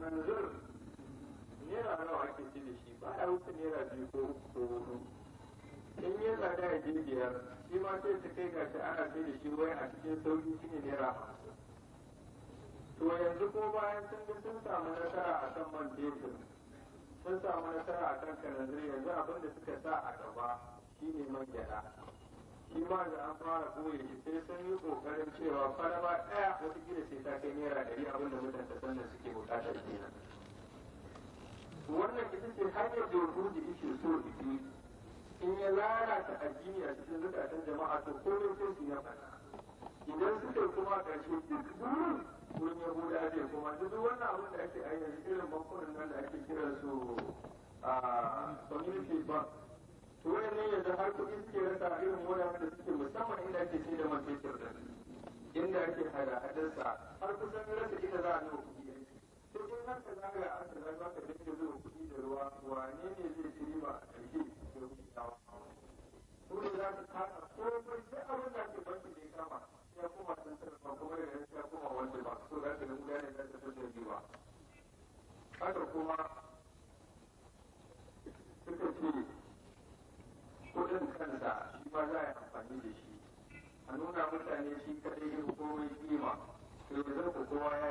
kananzir nera nawa ake ci da shi ba ya wuce naira biyu ko uku ko hudu in yi tsada ya je biyar shi ma sai su kai gashi ana ce da shi wai a cikin sauri shi ne nera to yanzu ko bayan sun ga sun samu nasara a kan man fetur sun samu nasara a kan kananzir yanzu abin da suka sa a gaba shi ne man gyaɗa shi ma da an fara koyi shi sai sun yi ƙoƙarin cewa faraba ɗaya wata gida sai ta kai naira ɗari abin da mutane sannan suke buƙata ce hanyar da da yake so yi. in ya lalata addini a cikin zukatan jama'a to komai sai su ya fata? idan suka kuma karshe duk gurin ya yahuda zai kuma duk wannan abin da ake ayyana irin bankunan nan da ake kira su a community bank to wani ne yanzu har kuɗi suke rasa irin wuraren da suke musamman inda ake ce da mafi fetur inda ake hada hadarsa har kusan rasa ita za a nuna har ka zagaya aka zagaya ka dinga zuwa kuɗi da ruwa wane ne zai ci riba a ƙarshe da wuyawa ko da za ka kasa ko bai sai abin da ke banki ne kama ya kuma san sarrafa kuma ya rasa ya kuma wanda ba so za ka nemi gane za ta fi da riba haka kuma suka ce kuɗin kansa shi ma za a yi amfani da shi a nuna mutane shi kaɗai